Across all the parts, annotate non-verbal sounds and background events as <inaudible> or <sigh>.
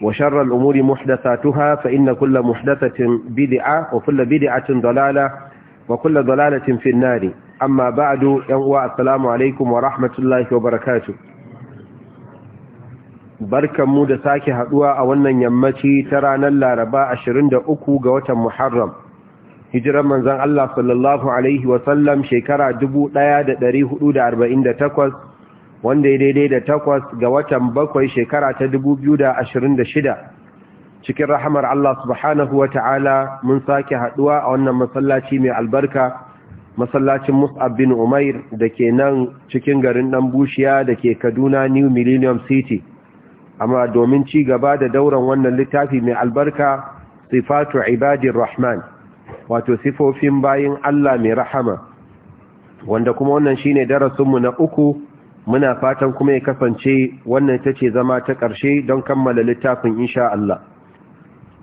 وشر الأمور محدثاتها فإن كل محدثة بدعة وكل بدعة ضلالة وكل ضلالة في النار أما بعد ينوى السلام عليكم ورحمة الله وبركاته barkan mu da sake haduwa a wannan yammaci ta ranar Laraba 23 ga watan Muharram hijiran manzon Allah sallallahu alaihi wa sallam shekara 1448 wanda ya daidai da takwas ga watan bakwai shekara ta da da shida. cikin rahamar Allah subhanahu wa ta'ala mun sake haduwa a wannan masallaci mai albarka masallacin Mus'ab bin Umair da ke nan cikin garin dan bushiya da ke Kaduna New Millennium City amma domin ci gaba da dauran wannan littafi mai albarka sifatu ibadin rahman wato sifofin bayin Allah mai rahama wanda kuma wannan shine darasinmu na uku muna fatan kuma ya kasance wannan ta ce zama ta ƙarshe don kammala littafin insha Allah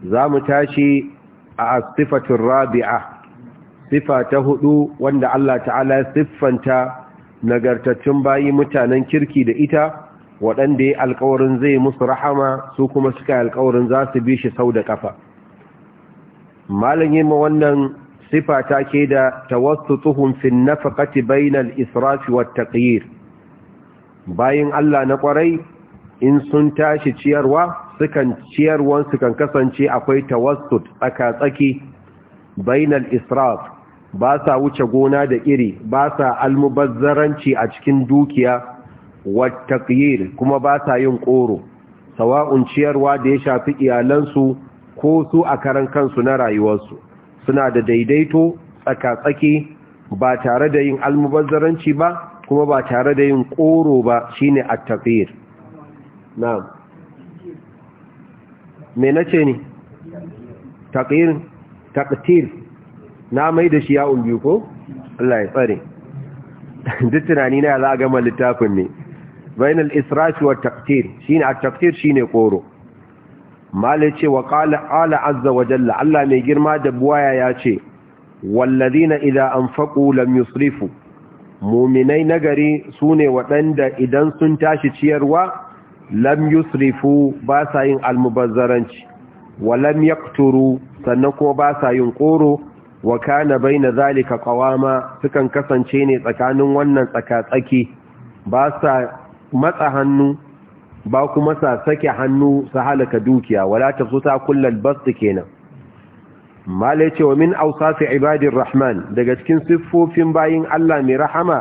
za mu tashi a siffatin rabi'a sifa ta hudu wanda Allah ta'ala siffanta nagartattun bayi mutanen kirki da ita waɗanda ya alkawarin zai musu rahama su kuma suka alkawarin za su bi shi sau da ƙafa malayin ma wannan sifa ta ke da tawassu tuhun fin nafaƙati bainal israfi wa taƙiyir bayin Allah na kwarai in sun tashi ciyarwa sukan ciyarwan sukan kasance akwai tawassut tsaka-tsaki bainal israf ba sa wuce gona da iri ba sa almubazzaranci a cikin dukiya wattaqyir kuma ba sa yin ƙoro, sawa'un ciyarwa da ya shafi iyalansu ko su a karan kansu na rayuwarsu suna da daidaito tsaka-tsaki ba tare da yin almubazzaranci ba kuma ba tare da yin ƙoro ba shine a taqir na'am me ce ne tafiyar taqtir na mai da shi ya biyu ko Allah ya tsare <laughs> duk tunani na za a gama littafin ne bainal israfi wa taqtir shine at-taqtir shine ƙoro mala ce wa ƙala ala azza wa jalla Allah mai girma da buwaya ya ce wallazina an faƙo lam yusrifu muminai nagari su ne waɗanda idan sun tashi ciyarwa lam yusrifu ba sa yin almubazzaranci wa lam yakturu sannan ko ba sa yin ƙoro wa kana baina zalika ƙawama, sukan kasance ne tsakanin wannan tsakatsaki ba sa matsa hannu ba kuma sa sake hannu su halaka dukiya wala ta kullal bas kenan mala ce wa min ausafi ibadin rahman daga cikin siffofin bayin Allah mai rahama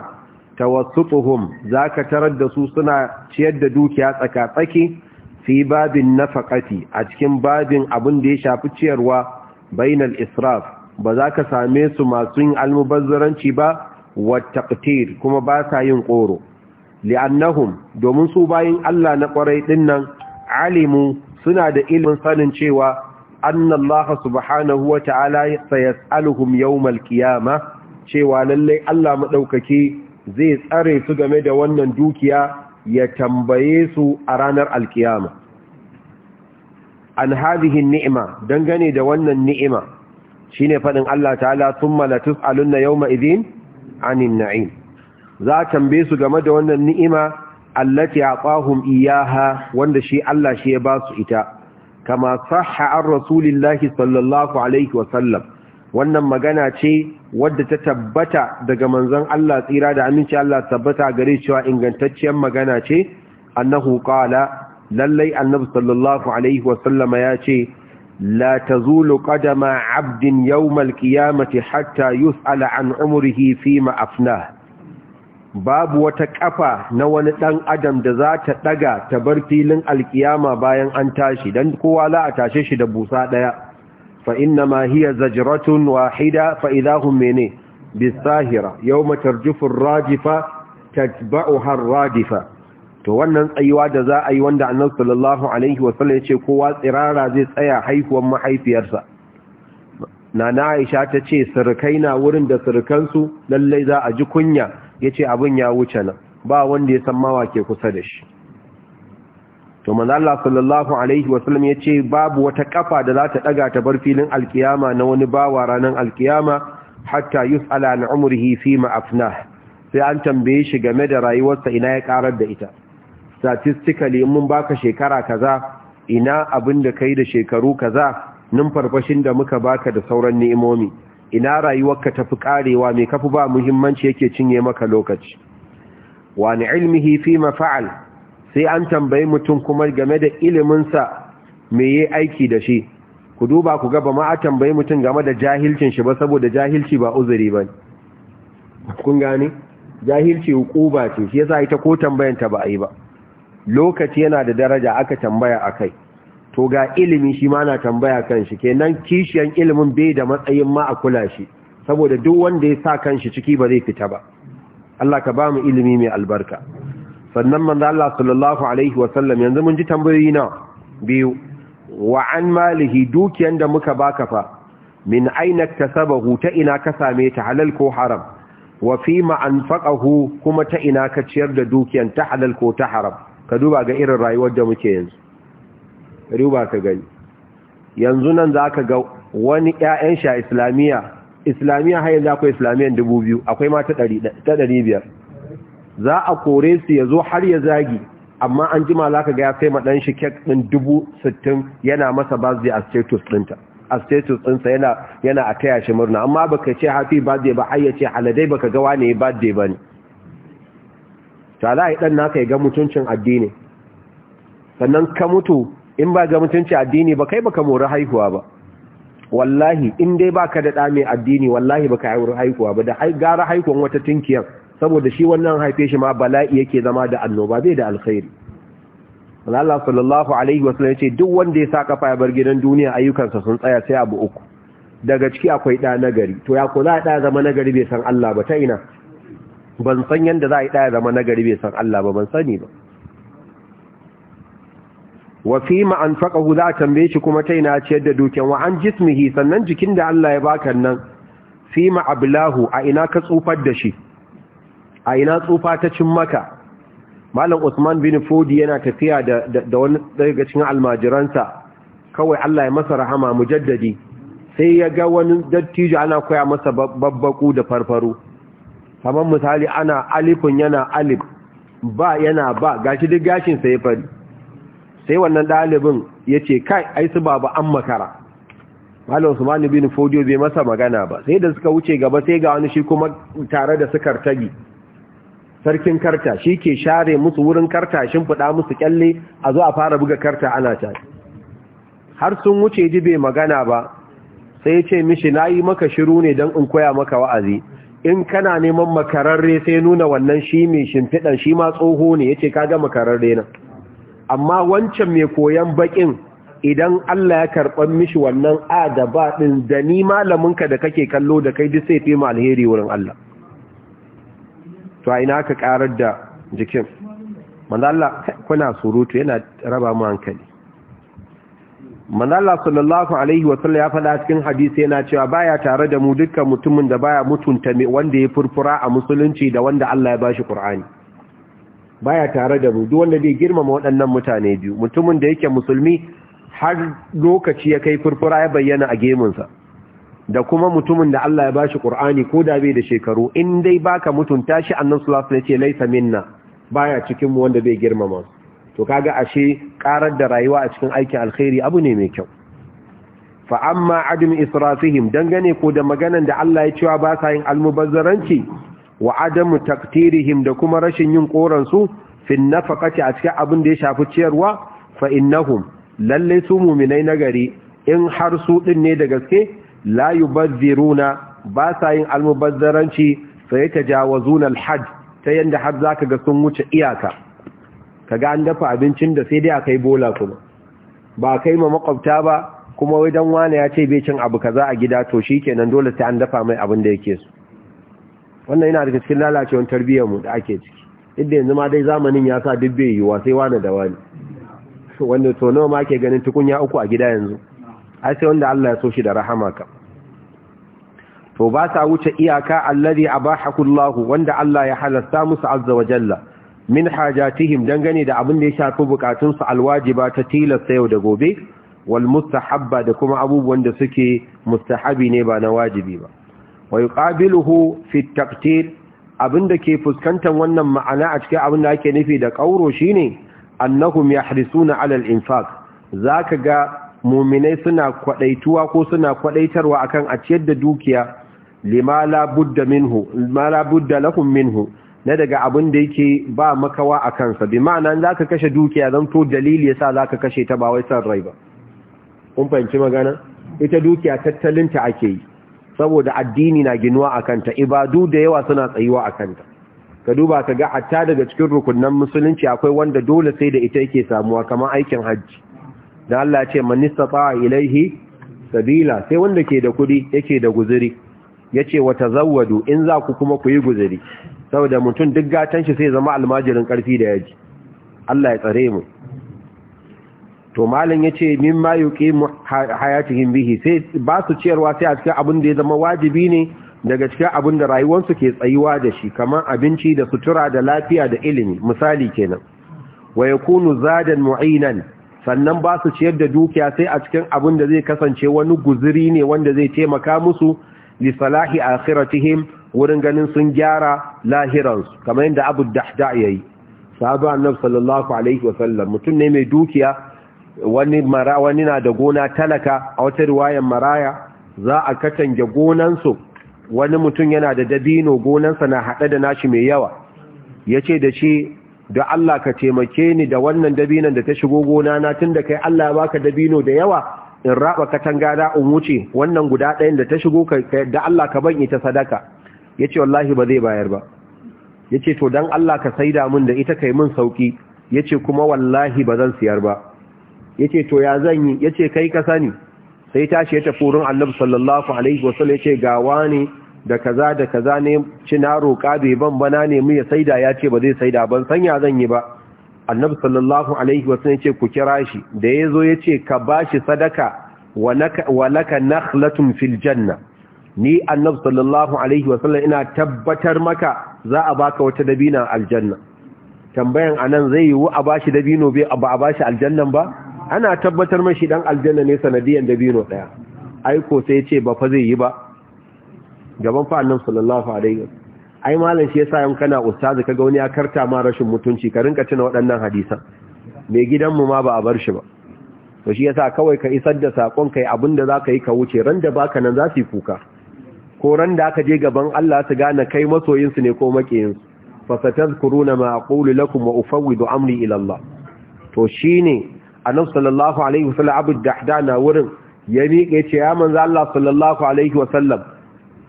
za ka tarar da su suna ciyar da dukiya tsakatsaki tsaki fi babin faƙati a cikin babin abin da ya shafi ciyarwa bainal israf ba za ka same su masu yin almubazzaranci ba wa taqtir kuma ba sa yin ƙoro. li'annahum domin su bayin Allah na ɗin dinnan alimu suna da ilimin sanin cewa anna Allah subhanahu wa ta'ala sayas'aluhum yawmal qiyamah cewa lallai Allah madaukake zai tsare su game da wannan dukiya ya tambaye su a ranar alkiyama an hadhihi ni'ima dangane da wannan ni'ima shine faɗin Allah ta'ala thumma la tus'alunna yawma idhin anin na'im za tambaye su game da wannan ni'ima allati aqahum iyaha wanda shi Allah shi ya ba su ita kama sahha an rasulillahi sallallahu alaihi wasallam wannan magana ce wadda ta tabbata daga manzon Allah tsira da aminci Allah tabbata gare cewa ingantacciyar magana ce annahu qala lallai annabi sallallahu alaihi wasallama ya ce la tazulu qadama abdin yawmal qiyamati hatta yus'ala an umrihi fima afnah babu wata kafa na wani dan adam da za ta daga ta bar filin alkiyama bayan an tashi dan kowa la a tashe shi da busa daya fa inna ma hiya zajratun wahida fa idahum mene bisahira yawma tarjufu ar tatba'uha radifa to wannan tsayuwa da za a yi wanda annabi sallallahu alaihi wasallam ya ce kowa tsirara zai tsaya haihuwar mahaifiyarsa nana Aisha ta ce surukai na wurin da surukansu lallai za a ji kunya ya ce abin ya wuce nan ba wanda ya san mawa ke kusa da shi to manzala sallallahu alaihi wasallam ya ce babu wata kafa da za ta daga ta bar filin alkiyama na wani bawa ranar alkiyama hatta yus'ala an umrihi fi ma afnah sai an tambaye shi game da rayuwarsa ina ya karar da ita statistically mun baka shekara kaza ina abin da kai da shekaru kaza farfashin da muka baka da sauran ni'imomi ina rayuwar ka tafi karewa mai kafi ba muhimmanci yake cinye maka lokaci wani ilmihi fi mafa'al sai an tambayi mutum kuma game da iliminsa me yi aiki da shi ku duba ku gaba ma a tambayi mutum game da jahilcin shi ba saboda jahilci ba uzuri ba kun gani jahilci hukuba ce shi yasa ita ko tambayanta ba a yi ba lokaci yana da daraja aka tambaya a kai. to ga ilimi shi ma na tambaya kan shi kenan kishiyan ilimin bai da matsayin ma a kula shi saboda duk wanda ya sa kan shi ciki ba zai fita ba Allah ka ba mu ilimi mai albarka sannan manzo Allah sallallahu alaihi wasallam yanzu mun ji tambayoyi na biyu wa an malihi dukiyan da muka baka fa min aina kasabahu ta ina ka same ta halal ko haram wa fi anfaqahu kuma ta ina ka ciyar da dukiyan ta halal ko ta haram ka duba ga irin rayuwar da muke yanzu riba ka gani yanzu nan za ka ga wani 'ya'yan sha islamiyya islamiyya har yanzu akwai islamiyyan dubu biyu akwai ma ta ɗari biyar za a kore su ya zo har ya zagi amma an jima za ka ga ya sai maɗan shi kek ɗin dubu sittin yana masa birthday a status ɗinta a status ɗinsa yana yana a taya shi murna amma baka ce hafi ba har ya ce haladai baka ga ba birthday ba ne ta za a yi ɗan naka ya ga mutuncin addini sannan ka mutu in ba ga mutunci addini ba kai baka mori haihuwa ba wallahi in dai baka da ɗa mai addini wallahi baka mori haihuwa ba da gara haihuwan wata tinkiyar saboda shi wannan haife shi ma bala'i yake zama da annoba bai da alkhairi Allah sallallahu alaihi yace duk wanda ya sa kafa ya bar gidan duniya ayyukansa sun tsaya sai abu uku daga ciki akwai ɗa nagari to ya kula da zama nagari bai san Allah ba ta ina ban san yanda za a yi da zama nagari bai san Allah ba ban sani ba wa fi ma hu, za a tambaye shi kuma ta ina ciyar da dukiyan wa an jismihi sannan jikin da Allah ya baka nan fi ma'abilahu a ina ka tsufar da shi a ina tsufa ta cin maka malam Usman bin Fodi yana tafiya da wani daga cikin almajiransa kawai Allah ya masa rahama mu jaddadi. sai ya ga wani dattijo ana koya masa babbaku da farfaru kamar misali ana alifin yana alif ba yana ba gashi duk gashin sai ya fari sai wannan dalibin, ya ce kai ai su baba an makara malam usman bin Fodio bai masa magana ba sai da suka wuce gaba sai ga wani shi kuma tare da su kartagi sarkin karta shi ke share musu wurin karta shin fuda musu kyalle a zo a fara buga karta ana ta har sun wuce ji bai magana ba sai ya ce mishi na yi maka shiru ne don in koya maka wa'azi in kana neman makararre sai nuna wannan shi mai shimfiɗan shi ma tsoho ne ya ce kaga makararre nan amma wancan mai koyan bakin idan Allah ya karɓar mishi wannan adaba din, ba ɗin da ni malaminka da kake kallo da kai duk sai fi alheri wurin Allah to a ina ka ƙarar da jikin Allah kuna surutu yana raba mu hankali Allah sallallahu alaihi wasallam ya faɗa cikin hadisi yana cewa baya tare da mu dukkan mutumin da baya mutunta wanda ya furfura a musulunci da wanda Allah ya bashi Qur'ani baya tare da mu duk wanda zai girmama waɗannan mutane biyu mutumin da yake musulmi har lokaci ya kai furfura ya bayyana a gemunsa da kuma mutumin da Allah ya bashi Qur'ani ko da bai da shekaru in dai baka mutunta shi annabi sallallahu alaihi wasallam ya ce laisa minna baya cikin mu wanda zai girmama to kaga ashe karar da rayuwa a cikin aikin alkhairi abu ne mai kyau fa amma adam israfihim dangane ko da maganan da Allah ya cewa ba sa yin almubazzaranci wa adamu taktirihim da kuma rashin yin koransu fin nafaqati a cikin abin da ya shafi ciyarwa fa innahum lalle su mu'minai na gari in har su din ne da gaske la bazziruna ba sa yin almubazzaranci fa zunar Hajj. ta yadda har za ka ga sun wuce iyaka Ka ga an dafa abincin da sai dai akai bola kuma ba kai ma makwabta ba kuma wai dan wane ya ce bai cin abu kaza a gida to shi kenan, dole sai an dafa mai abin da yake su wannan yana daga cikin lalacewar tarbiyyar mu da ake ciki inda yanzu ma dai zamanin ya sa dubbe bai yiwa sai wani da wani wanda to ma ke ganin tukunya uku a gida yanzu ai sai wanda Allah ya so shi da rahama ka to ba sa wuce iyaka alladhi abahakullahu wanda Allah ya halasta musu azza wa jalla min hajatihim dangane da abin da ya shafi bukatun su alwajiba ta tilasta yau da gobe wal mustahabba da kuma abubuwan da suke mustahabi ne ba na wajibi ba wa yuqabiluhu fi taqtil abinda ke fuskantar wannan ma'ana a cikin abin da ake nufi da kauro shine annahum yahrisuna 'ala al-infaq zaka ga mu'minai suna kwadaituwa ko suna kwadaitarwa akan a ciyar da dukiya lima budda minhu limala budda lahum minhu na daga abin da yake ba makawa a kansa bi ma'ana za ka kashe dukiya zan to dalili ya sa kashe ta ba wai san rai ba kun fahimci magana ita dukiya tattalinta ake yi saboda addini na ginuwa a kanta ibadu da yawa suna tsayuwa a kanta ka duba ka ga hatta daga cikin rukunan musulunci akwai wanda dole sai da ita yake samuwa kamar aikin hajji da Allah ce man istata ilaihi sabila sai wanda ke da kudi yake da guzuri yace wa tazawwadu in za ku kuma ku yi guzuri saboda mutum duk gatan shi sai zama almajirin karfi da yaji Allah ya tsare mu to malam yace mimma yuqimu hayatihim bihi sai ba su ciyarwa sai a cikin abin da ya zama wajibi ne daga cikin abin da rayuwarsu ke tsayuwa da shi kamar abinci da sutura da lafiya da ilimi misali kenan wa yakunu zadan mu'inan sannan ba su ciyar da dukiya sai a cikin abin da zai kasance wani guziri ne wanda zai taimaka musu li salahi akhiratihim wurin ganin sun gyara lahiransu kamar yadda Abu Dahda yayi sahabu annabi sallallahu alaihi wasallam mutum ne mai dukiya wani mara wani na da gona talaka a wata riwayan maraya za a katange su. wani mutum yana da dabino gonansa na haɗe da nashi mai yawa ya ce da shi da Allah ka taimake ni da wannan dabinon da ta shigo gona na tun da kai Allah ya baka dabino da yawa in raba katanga da in wuce wannan guda ɗayan da ta shigo da Allah ka ban ita sadaka ya ce wallahi ba zai bayar ba ya ce to don Allah ka saida min da ita kai mun sauki ya ce kuma wallahi ba zan siyar ba yace to ya zan yi yace kai ka sani sai tashi ya tafi wurin annabi sallallahu alaihi wasallam yace ga wani da kaza da kaza ne ci na roƙa bai ban bana ne mu ya saida ya ce ba zai saida ban san ya zan yi ba annabi sallallahu alaihi wasallam yace ku kira shi da yazo yace ka bashi sadaka wa laka nakhlatun fil janna ni annabi sallallahu alaihi wasallam ina tabbatar maka za a baka wata dabina aljanna tambayan anan zai wa a bashi dabino bai ba a bashi aljannan ba ana tabbatar mashi dan aljanna ne sanadiyan dabino daya aiko sai ce ba fa zai yi ba gaban fa annabi sallallahu alaihi wasallam ai malam shi yasa yan kana ustazi kaga wani ya karta ma rashin mutunci ka rinka tuna waɗannan hadisan mai mu ma ba a bar shi ba to shi yasa kawai ka isar da sakon kai abinda zaka yi ka wuce ran da baka nan za su kuka ko ran da aka je gaban Allah su gane kai masoyin su ne ko makiyin fa satazkuruna ma aqulu lakum wa ufawwidu amri ila Allah to shine annabi sallallahu alaihi wasallam abu dahda na wurin ya miƙa ya ce ya manzo Allah sallallahu alaihi wasallam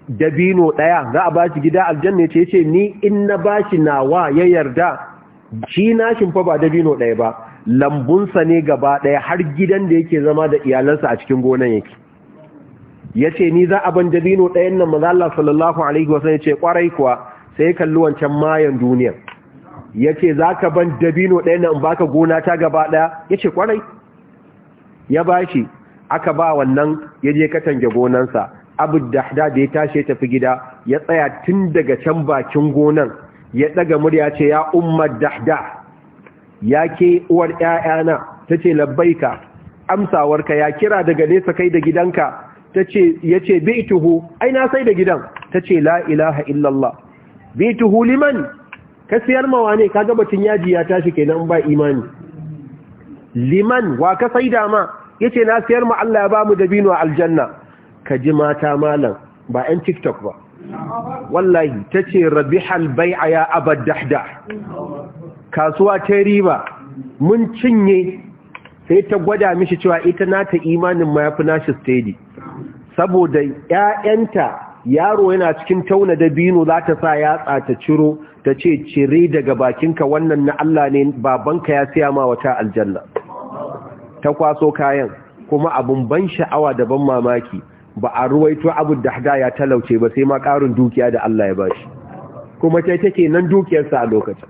dabino daya za a bashi gida aljanna ce yace ni in na bashi nawa ya yarda shi na fa ba dabino ɗaya ba lambunsa ne gaba ɗaya har gidan da yake zama da iyalansa a cikin gonan yake yace ni za a ban dabino dayan nan manzo Allah sallallahu alaihi wasallam ce kwarai kuwa sai kalli wancan mayan duniya. ya ce za ka ban dabino ɗaya na in baka gona ta gaba ɗaya ya ce kwarai ya ba shi aka ba wannan ya je katange gonansa abu da da ya tashi ya tafi gida ya tsaya tun daga can bakin gonan ya ɗaga murya ce ya ummar dahda ya ke uwar ‘ya'yana ta ce labbaika amsawarka ya kira daga nesa kai da gidanka ta ya ce bi tuhu ai na sai da gidan ta ce la ilaha illallah bi tuhu liman ka siyar mawa ne kaga batun yaji ya tashi kenan ba imani liman wa ka dama ma yace na siyar ma Allah ya ba mu dabino aljanna ka ji mata malam ba 'yan tiktok ba wallahi ta ce rabihal a ya abad dahda kasuwa ta riba mun cinye sai ta gwada mishi cewa ita nata imanin ma yafi nashi steady saboda 'ya'yanta yaro yana cikin tauna binu za ta sa yatsa ta ciro ta ce cire daga bakinka wannan na Allah ne babanka ya siya ma wata aljanna ta kwaso kayan kuma abun ban sha'awa da ban mamaki ba a ruwaito abu da hada ya talauce ba sai ma ƙarin dukiya da Allah ya bashi kuma ta take nan dukiyarsa a lokacin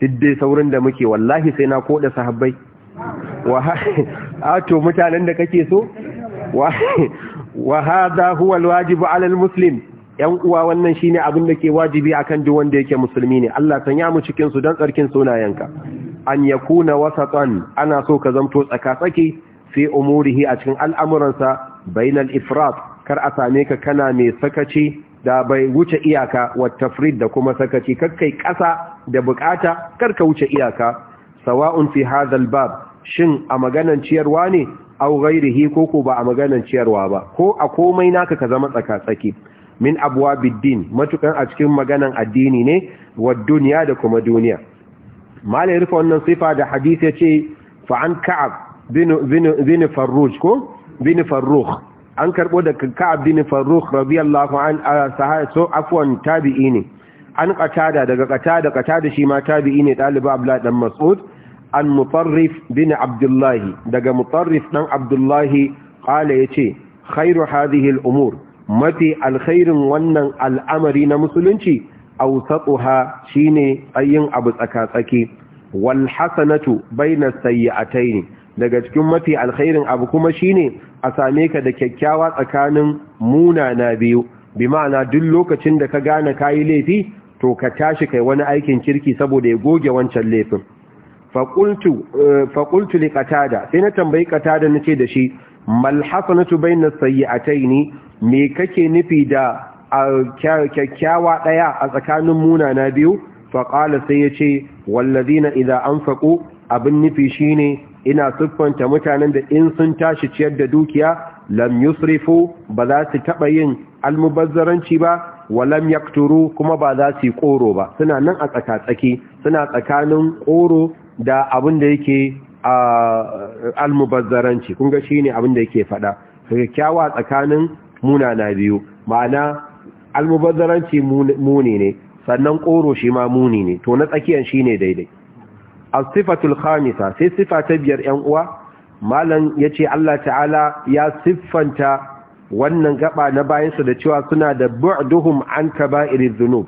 duk dai saurin da muke wallahi sai na koda sahabbai wa <laughs> to mutanen da kake so wa hada huwa alwajibu ala almuslim yan uwa wannan shine abin da ke wajibi akan duk wanda yake musulmi ne Allah san ya mu cikin su dan tsarkin sunayenka an yakuna wasatan ana so ka zamto tsakatsaki fi umurihi a cikin al'amuransa bainal ifrat kar a same ka kana mai sakaci da bai wuce iyaka wa tafrid da kuma sakaci kakkai kasa da bukata kar ka wuce iyaka sawa'un fi hadhal bab shin a maganan ciyarwa ne aw ghairihi ko ko ba a maganan ciyarwa ba ko a komai naka ka zama tsaka-tsaki min abwabid din matukan a cikin maganan addini ne wa duniya da kuma duniya malai rufe wannan sifa da hadisi yace fa an ka'ab bin bin farruj ko bin farruh an karbo da ka'ab bin farruh radiyallahu an sahaba so afwan tabi'i ne an qatada daga qatada qatada shi ma tabi'i ne abdullah dan mas'ud an mutarrif bin abdullahi daga mutarrif dan abdullahi kala ya ce khairu hadhihi al'umur mafi alkhairin wannan al'amari na musulunci awsatuha shine ayin abu tsakatsaki tsaki wal hasanatu bayna sayyi'atayn daga cikin mafi alkhairin abu kuma shine a same ka da kyakkyawa tsakanin Muna na biyu bi ma'ana duk lokacin da ka gane kayi laifi to ka tashi kai wani aikin kirki saboda ya goge wancan laifin faƙultu li katada sai na tambayi katada nace ce da shi malhasanatu bai na atai ne me kake nufi da kyakkyawa ɗaya a tsakanin munana biyu faƙala sai yace ce na idan an faƙo abin nufi shine ina siffanta mutanen da in sun tashi ciyar da dukiya lam ba za su taɓa yin almubazzaranci ba wa yakturu kuma ba za su yi ƙoro ba suna nan a tsakatsaki suna tsakanin ƙoro da abin da yake almubazzaranci kunga ga ne abin da yake fada kyakkyawa tsakanin muna na biyu ma'ana almubazzaranci muni ne sannan koro shi ma muni ne to na shi ne daidai A sifatul khamisa sai sifa ta biyar yan uwa ya ce Allah ta'ala ya siffanta wannan gaba na bayansu da cewa suna da bu'duhum an kaba'iriz zunub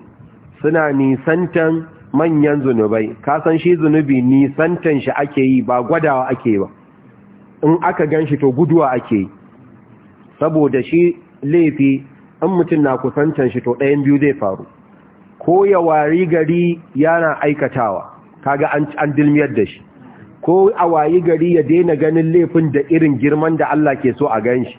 suna nisantan manyan zunubai ka san shi zunubi santan shi ake yi ba gwadawa ake ba in aka gan shi to guduwa ake yi saboda shi laifi in mutum na kusantan shi to ɗayan biyu zai faru ko ya wari gari yana aikatawa kaga an dilmiyar da shi ko a wayi gari ya daina ganin laifin da irin girman da Allah ke so a ganshi,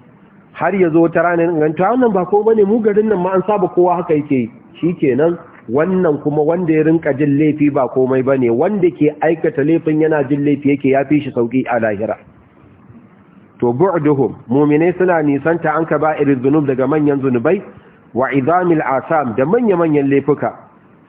har ya zo ta ranar ganta wannan ba ko bane mu garin nan ma an saba kowa haka yake shi kenan wannan kuma wanda ya rinka jin laifi ba komai ba ne wanda ke aikata laifin yana jin laifi yake ya fi shi sauki a lahira to bu'duhum muminai suna nisanta an ka ba'irin zunub daga manyan zunubai wa izamil asam da manya-manyan laifuka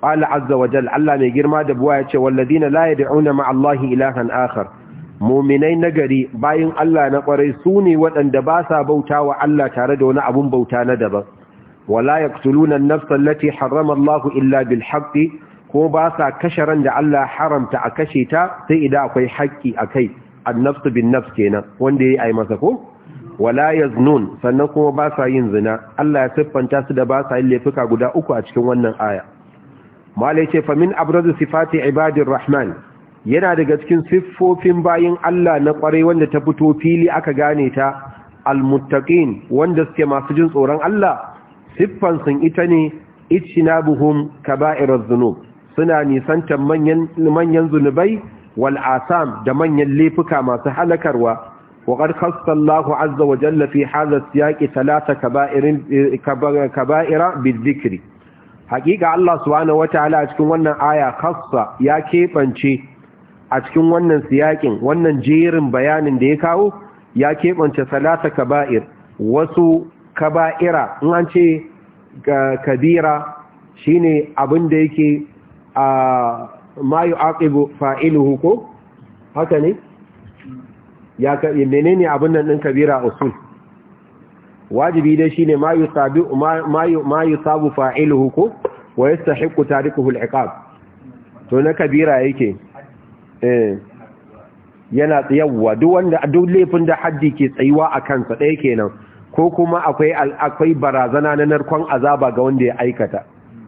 qala azza wa jalla Allah mai girma da buwa yace walladina la yad'una ma'a Allahi ilahan akhar muminai nagari bayin Allah na kwarai sune waɗanda ba sa bautawa Allah tare da wani abun bauta na daban wala yaqtuluna an-nafs allati harrama Allah illa bil ko ba sa kashe ran da Allah haramta a kashe ta sai idan akwai haƙƙi akai an-nafs bin nafs kenan wanda yayi masa ko wala yaznun sannan kuma ba sa yin zina Allah ya siffanta su da ba sa yin laifuka guda uku a cikin wannan aya malai ce famin abrazu sifati ibadir rahman yana daga cikin siffofin bayin Allah na kwarai wanda ta fito fili aka gane ta almuttaqin wanda suke masu jin tsoron Allah siffansun ita ne buhun kaba'irar zunub suna nisantar manyan zunubai wal asam da manyan laifuka masu halakarwa wa qad khassa Allahu azza wa jalla fi hadha siyaqi thalatha kaba'irin kaba'ira bizikri haƙiƙa Allah subhanahu wataala a cikin wannan aya khassa ya keɓance a cikin wannan siyaƙin, wannan jerin bayanin da ya kawo ya keɓance talata kaba'ir wasu kaba'ira in an ce kabira ne abin da yake a ma yu'aqibu fa'iluhu ko haka ne ya ka ne abin nan ɗin kabira usul wajibi dai shi ne Mayu ma ma yusabu fa'iluhu ko wa yastahiqu haiku al-iqab to na kabira yake eh. yana tsayawwa duk laifin da haddi ke tsayuwa a kansa ɗaya kenan ko kuma akwai akwai barazana na narkon azaba ga wanda ya aikata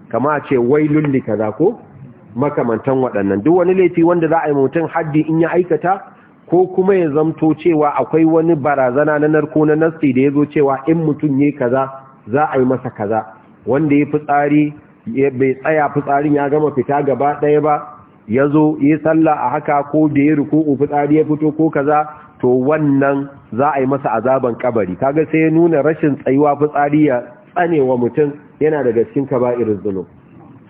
kama a ce wailul li kaza ko makamantan waɗannan duk wani laifi wanda za a yi mutum haddi in ya aikata ko kuma ya zamto cewa akwai wani barazana na narko na nasti da ya zo cewa in mutum ya kaza za a yi masa kaza wanda ya fitsari bai tsaya fitsarin ya gama fita gaba ɗaya ba ya zo ya sallah a haka ko da ya ruku fitsari ya fito ko kaza to wannan za a yi masa azaban kabari kaga sai ya nuna rashin tsayuwa fitsari ya tsanewa mutum yana daga cikin irin zulum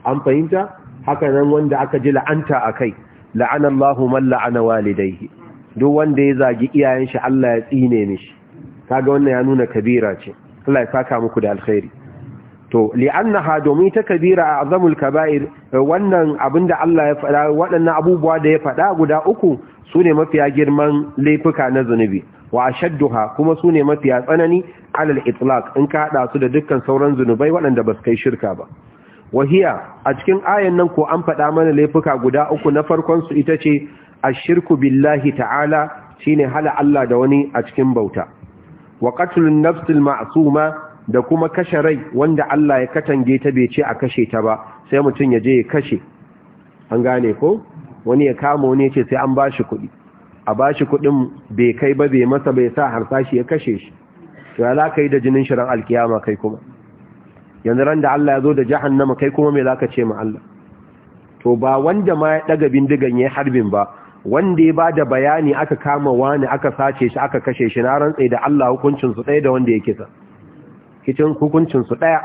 an fahimta haka nan wanda aka ji la'anta a kai. La'anallahu man la'ana walidayhi duk wanda ya zagi iyayen shi Allah ya tsine mishi kaga wannan ya nuna kabira ce Allah ya saka muku da alkhairi to li'annaha domin ta kabira a azamul kaba'ir wannan abinda Allah ya faɗa waɗannan abubuwa da ya faɗa guda uku su ne mafiya girman laifuka na zunubi wa ashadduha kuma su ne mafiya tsanani alal itlaq in ka hada su da dukkan sauran zunubai waɗanda ba su kai shirka ba wahiya a cikin ayan nan ko an faɗa mana laifuka guda uku na farkon su ita ce ashirku billahi ta'ala shine hala Allah da wani a cikin bauta wa qatlun nafsil ma'suma da kuma kashe rai wanda Allah ya katange ta bai ce a kashe ta ba sai mutum ya je ya kashe an gane ko wani ya kama wani ya ce sai an ba shi kuɗi a ba shi kuɗin bai kai ba bai masa bai sa harsashi ya kashe shi to ya za ka yi da jinin shirin alkiyama kai kuma yanzu ran da Allah ya zo da jahannama kai kuma mai za ka ce ma Allah to ba wanda ma ya daga bindigan ya harbin ba wanda ya ba da bayani aka kama wani aka sace shi aka kashe shi na rantsai da Allah hukuncinsu ɗaya da wanda ya kisa kicin hukuncin su ɗaya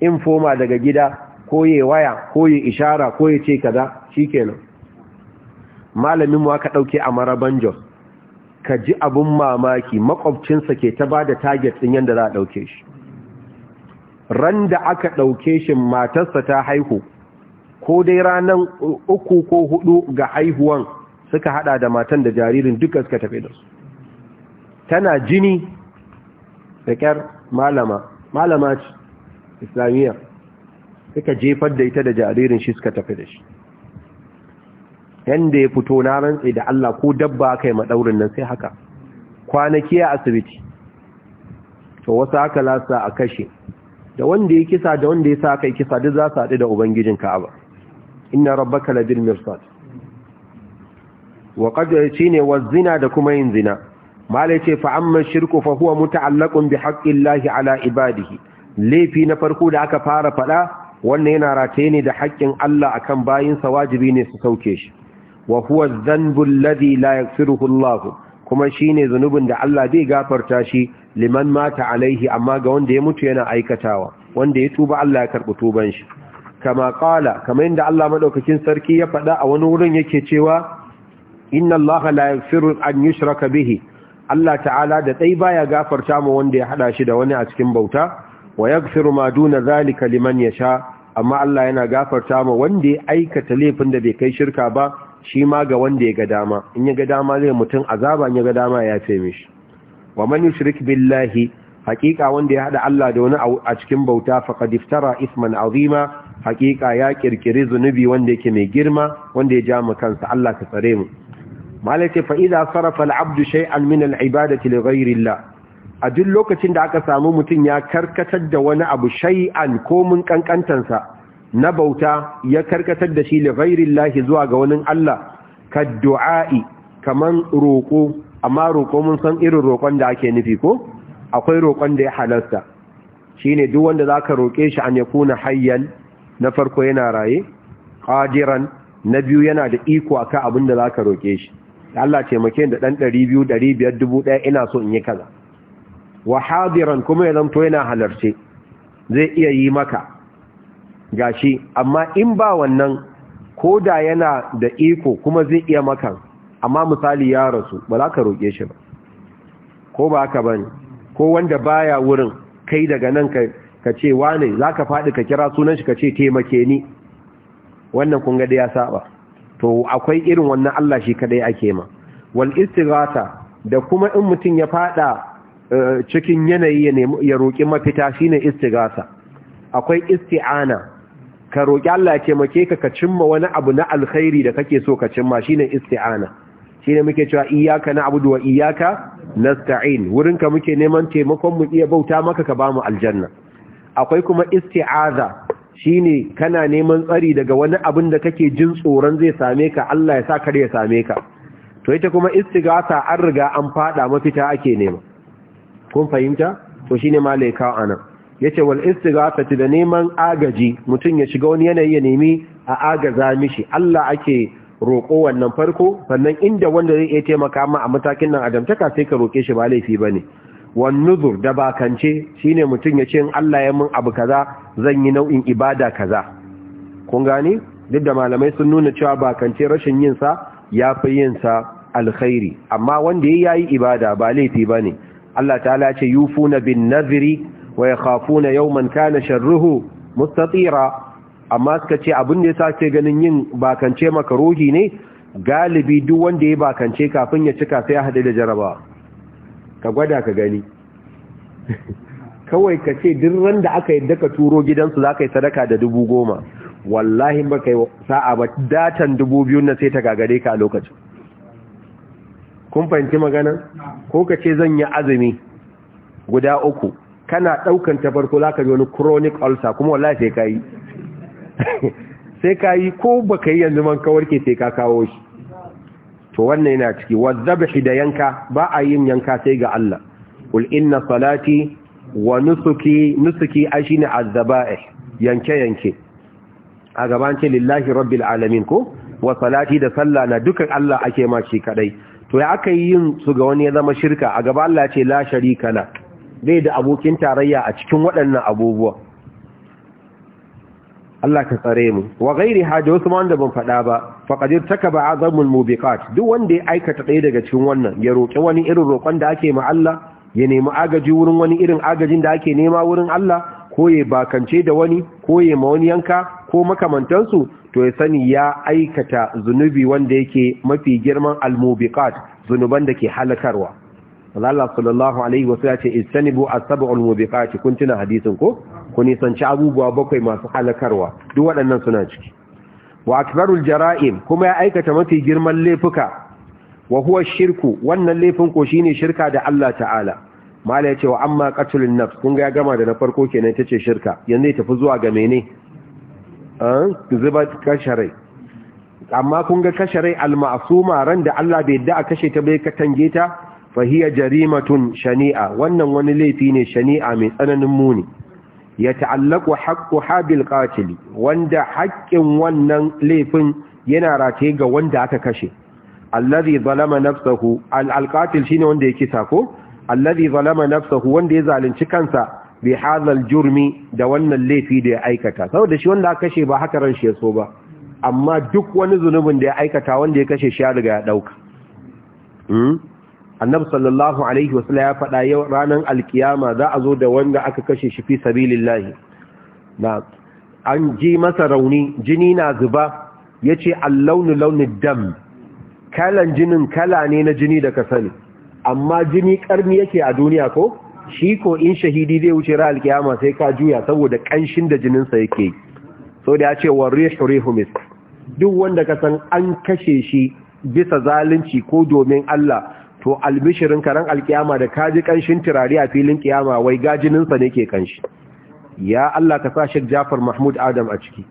in foma daga gida ko ya waya ko ya ishara ko ya ce kaza shi kenan malamin mu aka dauke a maraban jos ka ji abun mamaki makwabcinsa ke ta bada target ɗin yadda za a dauke shi ran da aka ɗauke shi matarsa ta haihu ko dai ranan uku ko hudu ga haihuwan suka hada da matan da jaririn duka suka tafi da su tana jini da kyar malama malama islamiyya suka jefar da ita da jaririn shi suka tafi da shi yanda ya fito na rantse da Allah ko dabba aka yi maɗaurin nan sai haka kwanaki a asibiti to wasu aka lasa a kashe da wanda ya kisa da wanda ya sa aka yi kisa duk za su haɗu da ubangijin ka'aba inna rabbaka labil mirsad wa qad ne, wa zina da kuma yin zina malai ce fa amma shirku fa huwa muta'allaqun bi lahi ala ibadihi laifi na farko da aka fara fada wannan yana rataye ne da haƙƙin Allah akan bayinsa wajibi ne su sauke shi wa huwa dhanbu alladhi la yaghfiruhu Allah kuma shine zunubin da Allah bai gafarta shi liman mata alaihi amma ga wanda ya mutu yana aikatawa wanda ya tuba Allah ya karbi tuban shi kama qala kamar inda Allah madaukakin sarki ya faɗa a wani wurin yake cewa inna Allah la yaghfiru an yushraka bihi Allah ta'ala da dai baya gafarta mu wanda ya hada shi da wani a cikin bauta wa yaghfiru ma duna zalika liman yasha amma Allah yana gafarta mu wanda ya aikata laifin da bai kai shirka ba shi ma ga wanda ya ga dama in ya ga dama zai mutum azaba in ya ga dama ya ce mishi wa man yushrik billahi haqiqa wanda ya hada Allah da wani a cikin bauta faqad iftara isman azima haqiqa ya kirkiri zunubi wanda yake mai girma wanda ya ja mu kansa Allah ka tsare mu malaka fa idza sarafa al abd shay'an min al-ibadati li ghayri Allah a duk lokacin da aka samu mutum ya karkatar da wani abu shay'an ko mun kankantansa na bauta ya karkatar da shi li lahi zuwa ga wani Allah ka du'a'i kaman roƙo amma roƙo mun san irin roƙon da ake nufi ko akwai roƙon da ya halarta ne duk wanda za ka roƙe shi an ya kuna hayyan na farko yana raye ƙadiran na biyu yana da iko a ka abin da ka roƙe shi Allah taimake da dan biyar, dubu ɗaya ina so in yi kaza wa hadiran kuma ya zanto yana halarce zai iya yi maka gashi amma in ba wannan ko da yana da iko kuma zai iya maka, amma misali ya rasu ba za ka roƙe shi ba ko ba ka bane ko wanda baya wurin kai daga nan ka ce wane za ka faɗi ka kira sunan shi ka ce taimake ni wannan kun da ya saba to akwai irin wannan Allah shi kadai ake ma wal istighatha da kuma in mutum ya faɗa eh, cikin yanayi ya roƙi mafita shine istighatha akwai isti'ana ka roƙi Allah ya taimake ka ka cimma wani abu na alkhairi da kake so ka cimma shine isti'ana shine muke cewa iyyaka na'budu wa iyyaka nasta'in wurin ka muke neman taimakon mu iya bauta maka ka bamu aljanna akwai kuma isti'aza shine kana neman tsari daga wani abin da kake jin tsoron zai same ka Allah ya sa kar ya same ka to ita kuma istighatha an riga an fada mafita ake nema kun fahimta to shine malai anan yace wal istighafati da neman agaji mutum ya shiga wani yanayi ya nemi a agaza mishi Allah ake roƙo wannan farko sannan inda wanda zai iya taimaka ma a matakin nan adamtaka sai ka roƙe shi ba laifi bane wan nuzur da bakance shine mutum ya ce in Allah ya mun abu kaza zan yi nau'in ibada kaza kun gane duk da malamai sun nuna cewa ba kance rashin yin sa yafi yin sa alkhairi amma wanda yayi ibada ba laifi bane Allah ta'ala ya ce yufuna bin nadhri wa yakhafuna yawman kana sharruhu mustatira amma suka ce abin da yasa ce ganin yin bakance ruhi ne galibi duk wanda ya bakance kafin ya cika sai ya hade da jaraba ka gwada ka gani kawai ka ce duk ran da aka yadda ka turo gidansu za ka yi sadaka da dubu goma wallahi ba yi sa'a ba datan dubu biyun na sai ta gagare ka a lokacin kun fahimci magana ko ka ce zan yi azumi guda uku kana ɗaukan ta farko za ka ji wani chronic ulcer kuma wallahi sai ka <laughs> sai ka ko baka yi yanzu man ka warke sai ka kawo shi to wannan yana ciki wazzabhi da yanka ba a yin yanka sai ga Allah kul inna salati wa nusuki nusuki ashina azzaba'ih yanke yanke a gaban ce lillahi rabbil alamin ko wa salati da sallah na dukan Allah ake ma shi kadai to ya aka yi yin su ga wani ya zama shirka a gaban Allah ce la sharika lak bai da abokin tarayya a cikin waɗannan abubuwa Allah ka tsare mu wa gairi hada wasu da ban faɗa ba faqadir ba azamul mubiqat duk wanda ya aikata ɗaya daga cikin wannan ya roƙe wani irin roƙon da ake ma Allah ya nemi agaji wurin wani irin agajin da ake nema wurin Allah ko ya bakance da wani ko ya ma wani yanka ko makamantansu to ya sani ya aikata zunubi wanda yake mafi girman al-mubiqat zunuban da ke halakarwa Allah sallallahu alaihi wasu ya ce istanibu as-sab'ul mubiqati kun tuna hadisin ko ku nisanci abubuwa bakwai masu halakarwa duk waɗannan suna ciki wa akbarul jara'im kuma ya aikata mafi girman laifuka wa huwa shirku wannan laifin ko shine shirka da Allah ta'ala mala ce wa amma qatlun nafs kun ga ya gama da na farko kenan tace shirka yanzu ya tafi zuwa ga mene an ah, zuba kashare amma kun ga kashare al-ma'suma ran da Allah bai yadda a kashe ta bai katange ta fahiya jarimatun shani'a wannan wani laifi ne shani'a mai tsananin muni ya ta'allaku haqqu habil Katili, wanda haƙƙin wannan laifin yana rataye ga wanda aka kashe allazi zalama nafsahu al-qatil shine wanda yake sako allazi zalama nafsahu wanda ya zalunci kansa bi hadhal jurmi da wannan laifi da ya aikata saboda shi wanda aka kashe ba haka ran shi ya so ba amma duk wani zunubin da ya aikata wanda ya kashe shi ya riga ya dauka hmm? annabi sallallahu alaihi wasallam ya faɗa yau ranar alkiyama za a zo da wanda aka kashe shi fi sabilillahi na an ji masa rauni jini na zuba yace allaunu launi dam kalan jinin kala ne na jini da ka sani amma jini karni yake a duniya ko shi ko in shahidi zai wuce ra alkiyama sai ka juya saboda kanshin da jininsa yake so da ya ce wa rihu rihu duk wanda ka san an kashe shi bisa zalunci ko domin Allah to albishirin karan alkiyama da kaji kanshin turare a filin kiyama wai gajininsa ne ke kanshi ya Allah ka sa Sheikh Jafar Mahmud Adam a ciki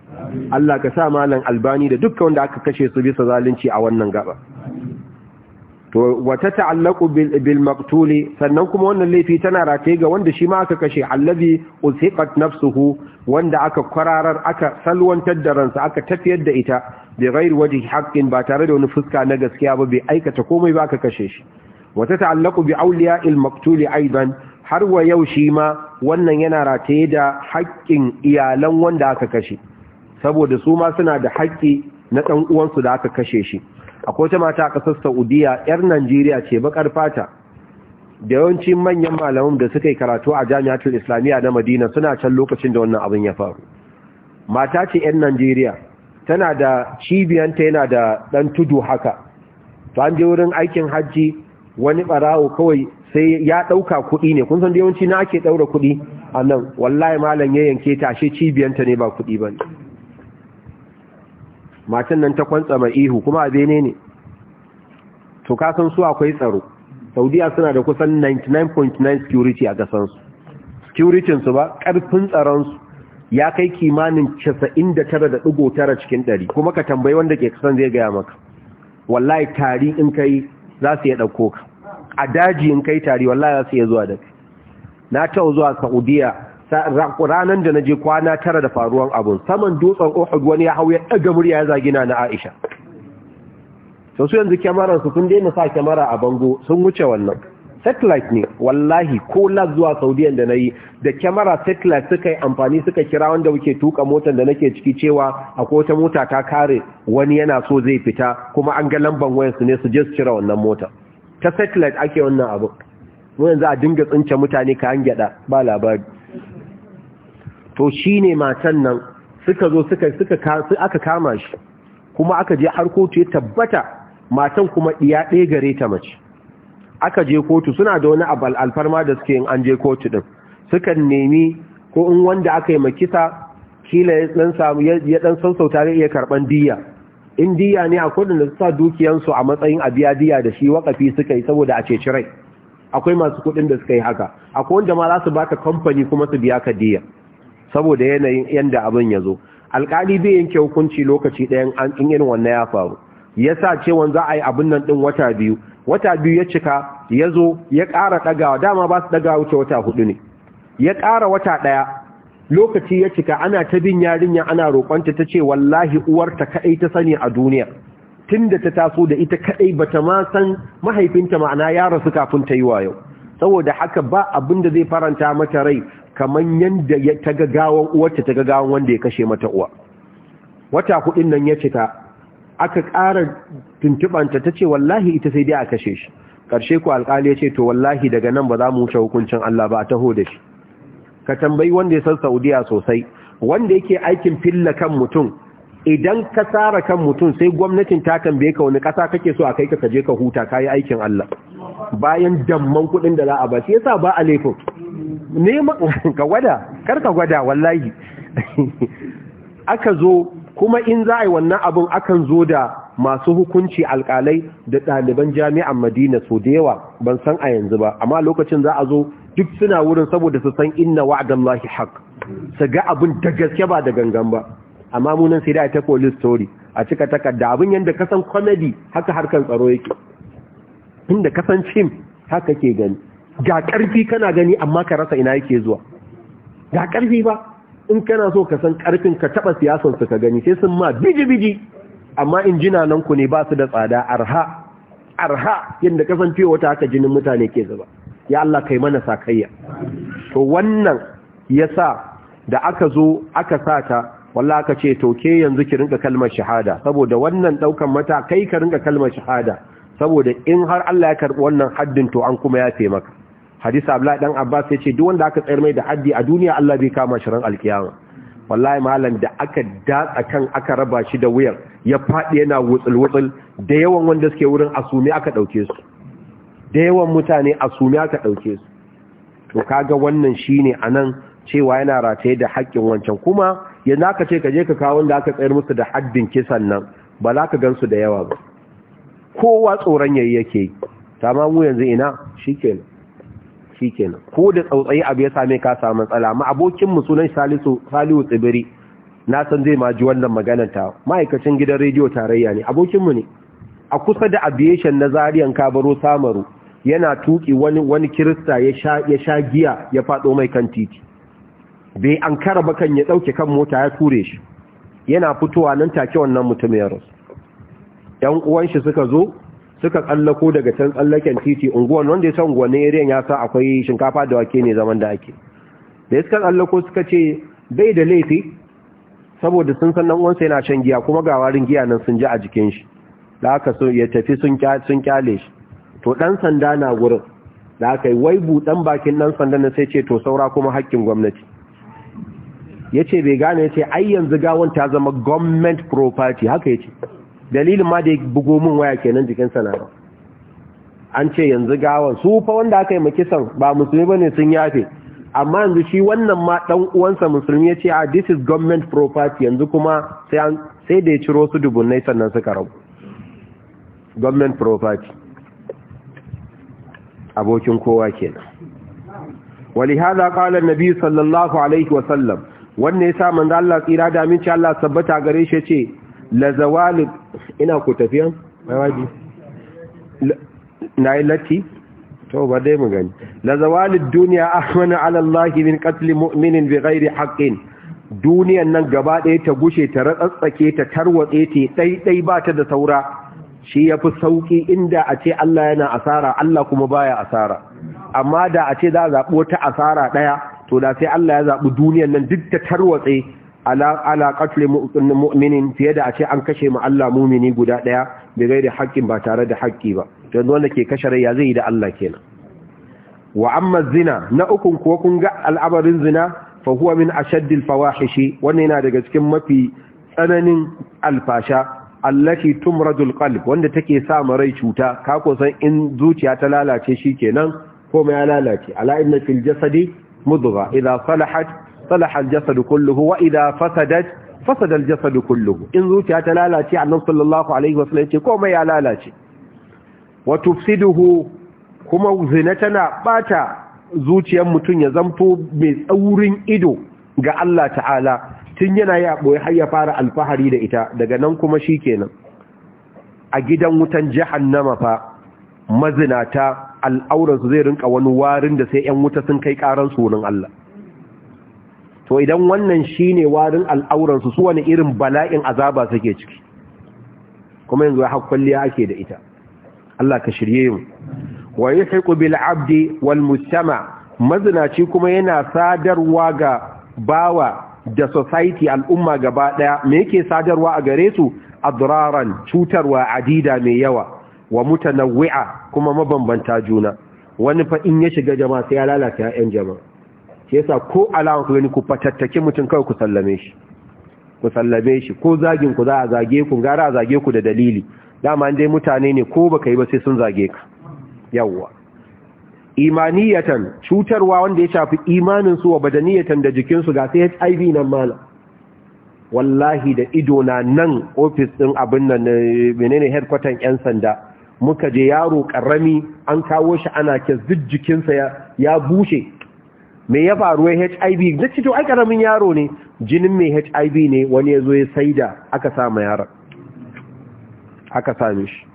Allah ka sa malam Albani da dukkan wanda aka kashe su bisa zalunci a wannan gaba to wata ta'allaqu bil maqtuli sannan kuma wannan laifi tana rataye ga wanda shi ma aka kashe allazi usiqat nafsuhu wanda aka kwararar aka salwantar da ransa aka tafiyar da ita bi ghairi wajhi haqqin ba tare da wani fuska na gaskiya ba bai aikata komai ba aka kashe shi wata ta'allaqu bi auliya maqtuli aidan har wa yau shi ma wannan yana rataye da haƙƙin iyalan wanda aka kashe saboda su ma suna da haƙƙi na ɗan uwansu da aka kashe shi akwai wata mata a kasar saudiya yar najeriya ce bakar fata da yawancin manyan malamin da suka yi karatu a jami'atul islamiyya na madina suna can lokacin da wannan abin ya faru mata ce yan najeriya tana da cibiyanta yana da ɗan tudu haka to an je wurin aikin hajji wani barawo kawai sai ya ɗauka kuɗi ne kun san da yawanci na ake ɗaura kuɗi a nan wallahi malam ya yanke ta ashe cibiyanta ne ba kuɗi ba ne matan nan ta mai ihu kuma a bene ne to kasan su akwai tsaro saudiya suna da kusan 99.9 security a kasansu su ba ƙarfin tsaronsu ya kai kimanin 99.9 cikin 100 kuma ka tambayi wanda ke kasan zai gaya maka wallahi tari in kai za su iya ɗauko ka a daji in kai tari wallahi za su iya zuwa da na taɓa zuwa saudiya ranar da na je kwana tara da faruwan abun saman dutsen ohud wani ya hau ya ɗaga murya ya zagina na aisha sau su yanzu kyamararsu sun daina sa kyamara a bango sun wuce wannan satellite ne wallahi ko lab zuwa saudiyan da na yi da kyamara satellite suka yi amfani suka kira wanda wuke tuka motar da nake ciki cewa a kota mota ta kare wani yana so zai fita kuma an ga lamban wayansu ne su je su cire wannan mota ta satellite ake wannan abu yanzu a dinga tsince mutane ka an gyada ba labari to shi ne matan nan suka zo suka aka kama shi kuma aka je har kotu ya tabbata matan kuma ɗiya ɗaya gare ta mace aka je kotu suna da wani abal alfarma da suke yin an je kotu ɗin. suka nemi ko in wanda aka yi makisa kila ya ɗan samu ya sassauta zai iya karban diya in diya ne a akwai da su sa dukiyansu a matsayin abiya diya da shi wakafi suka yi saboda a ceci rai akwai masu kuɗin da suka yi haka akwai wanda ma za su ba baka kamfani kuma su biya ka diya saboda yanayin yanda abin ya zo alkali bai yanke hukunci lokaci ɗaya an in yin wannan ya faru ya sa cewan za a yi abin nan ɗin wata biyu wata biyu ya cika ya zo ya ƙara ɗagawa dama ba su ɗagawa wuce wata hudu ne ya ƙara wata ɗaya lokaci ya cika ana ta bin yarinya ana roƙonta ta ce wallahi uwarta kaɗai ta sani a duniya tun da ta taso da ita kaɗai ba ta ma san mahaifinta ma'ana ya rasu kafin ta yi wa yau saboda haka ba abin da zai faranta mata rai kamar yadda ta ga gawon uwarta ta ga gawon wanda ya kashe mata uwa wata kudin nan ya cika aka ƙara tuntuɓanta ta ce wallahi ita sai dai a kashe shi ƙarshe ku alƙali ya ce to wallahi daga nan ba za mu wuce hukuncin Allah ba a taho da shi ka tambayi wanda ya san Saudiya sosai wanda yake aikin filla kan mutum idan ka tsara kan mutum sai gwamnatin ta tambaye ka wani ƙasa kake so a kai ka je ka huta kayi aikin Allah bayan damman kuɗin da za a ba shi yasa ba a laifin Nema <laughs> ka gwada kar ka gwada wallahi <laughs> aka zo kuma in za a yi wannan abin akan zo da masu hukunci alƙalai da ɗaliban jami'an Madina so da yawa ban san a yanzu ba amma lokacin za a zo duk suna wurin saboda su san inna wa'dallahi haqq su ga abin da gaske ba da gangan ba amma munan sai da ta police story a cika takarda abin yanda kasan comedy haka harkan tsaro yake inda kasan cim haka ke gani ga karfi kana gani amma ka rasa ina yake zuwa ga karfi ba in kana so ka san karfin ka taba siyasan su ka gani sai sun ma biji biji amma injina nan ku ne ba su da tsada arha arha yadda kasancewa wata haka jinin mutane ke zuba ya Allah kai mana sakayya to wannan yasa da aka zo aka sata walla ka ce to ke yanzu ki rinka kalmar shahada saboda wannan daukan mata kai ka rinka kalmar shahada saboda in har Allah ya karbi wannan haddin to an kuma yafe maka hadisi abla dan Abbas ya ce duk wanda aka tsayar mai da haddi a duniya Allah bai kama shi ran alkiyama wallahi malam da aka datsa kan aka raba shi da wuyan ya fadi yana wutsul wutsul da yawan wanda suke wurin asumi aka dauke su da yawan mutane asumi aka dauke su to kaga wannan shine anan cewa yana rataye da haƙƙin wancan kuma yanzu aka ce ka je ka kawo da aka tsayar musu da haddin kisan nan ba za ka gansu da yawa ba kowa tsoron yayi yake ta mu yanzu ina shikenan shikenan ko da tsautsayi abu ya same ka samu matsala ma abokin mu sunan Salisu Salihu Tsibiri na san zai maji wannan maganar ta ma'aikacin gidan rediyo tarayya ne abokin mu ne a kusa da aviation na Zariyan Kabaro Samaru yana tuki wani Kirista ya sha ya sha giya ya fado mai kan titi bai an kara bakan ya dauke kan mota ya ture shi yana fitowa nan take wannan mutum ya rasu ‘yan shi suka zo suka tsallako daga can tsallaken titi unguwan wanda ya san gwanin irin ya sa akwai shinkafa da wake ne zaman da ake da suka tsallako suka ce bai da laifi saboda sun san nan uwansa yana shan giya kuma ga warin giya nan sun ji a jikin shi da aka so ya tafi sun kyale shi to dan sanda na gurin, da aka yi wai buɗan bakin dan sanda ne sai ce to saura kuma hakkin gwamnati ya ce bai gane ya ce ai yanzu gawan ta zama government property haka ya ce dalilin ma da ya bugo min waya kenan jikin sana'a an ce yanzu gawan su fa wanda aka yi makisan ba musulmi ba ne sun yafe amma yanzu shi wannan ma dan uwansa musulmi ya ce a ah, this is government property yanzu kuma sai da ya ciro su dubunai sannan suka rabu government property abokin kowa kenan ولهذا قال النبي صلى الله عليه وسلم wannan yasa manzo Allah tsira da aminci Allah sabbata gare shi ce la zawal ina ku tafiya mai waji na ilati to ba dai mu gani la dunya ahwana ala Allah min qatl mu'minin bighairi haqqin duniyan nan gaba ɗaya ta gushe ta ratsatsake ta tarwatse ta dai ba ta da saura shi yafi fi sauƙi inda a ce Allah yana asara Allah kuma baya asara amma da a ce za a zaɓo ta asara ɗaya to da sai Allah ya zaɓi duniyar nan duk ta tarwatse ala qatl mu'minin fiye da a ce an kashe mu Allah mumini guda ɗaya bai da haƙƙin ba tare da haƙƙi ba Don wanda ke kashe rai ya zai yi da Allah kenan wa amma zina na ukun ko kun ga al'abarin zina fa huwa min ashaddil fawahishi wannan yana daga cikin mafi tsananin alfasha allati tumradul kalb wanda take sa rai cuta ka ko san in zuciya ta lalace shi shikenan Koma ya lalace ala inna fil jasadi mudgha idza salahat salaha al-jasad kulluhu wa idza fasadat fasada al-jasad in zuciya ta lalace annabi sallallahu alaihi wasallam ce komai ya lalace wa tufsiduhu kuma zina tana ɓata zuciyar mutum ya zamto mai tsaurin ido ga Allah ta'ala tun yana yaɓo har ya fara alfahari da ita daga nan kuma shi kenan. a gidan wutan jahannama fa mazinata al'auransu zai rinka wani warin da sai 'yan wuta sun kai karan sunan Allah to idan wannan shi ne warin al'auransu su wani irin bala'in azaba suke ciki kuma yanzu har kulliya ake da ita Allah ka shirye mu wa haiku bil abdi wal mujtama mazinaci kuma yana sadarwa ga bawa da society al'umma gaba ɗaya, me yake sadarwa a gare su adraran cutarwa adida mai yawa wa mutanawwi'a kuma mabambanta juna wani fa in ya shiga jama'a sai ya lalata 'ya'yan jama'a shi yasa ko alama ku gani ku fatattake mutum kawai ku sallame shi ku sallame shi ko zagin ku za a zage ku gara a zage ku da dalili dama an dai mutane ne ko baka yi ba sai sun zage ka yawwa imaniyatan cutarwa wanda ya shafi imanin su wa badaniyatan da jikin su ga sai HIV nan mala wallahi da ido na nan office din abin nan eh, menene headquarters yan sanda muka je yaro karami an kawo shi ana ke jikinsa ya bushe me ya faru ya hiv da cito ai karamin yaro ne jinin mai hiv ne wani ya zo ya saida aka sami yaron aka sami shi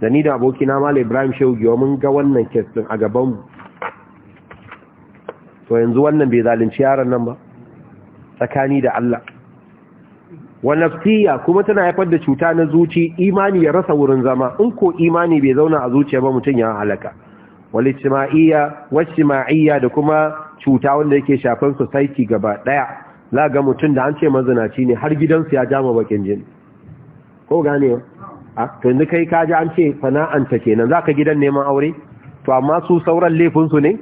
da ni da abokina Malam ibrahim shehu giwa mun ga wannan kestin din a mu. to yanzu wannan bai zalunci yaron nan ba tsakani da allah wa nafsiya kuma tana haifar da cuta na zuci imani ya rasa wurin zama in ko imani bai zauna a zuciya ba mutum ya halaka wal ijtima'iyya wajtima'iyya da kuma cuta wanda yake shafan society gaba daya za ga mutum da an ce mazinaci ne har gidansu ya jama bakin jini ko gane a to inda kai ka ji an ce fana'anta kenan za ka gidan neman aure to amma su sauran laifinsu ne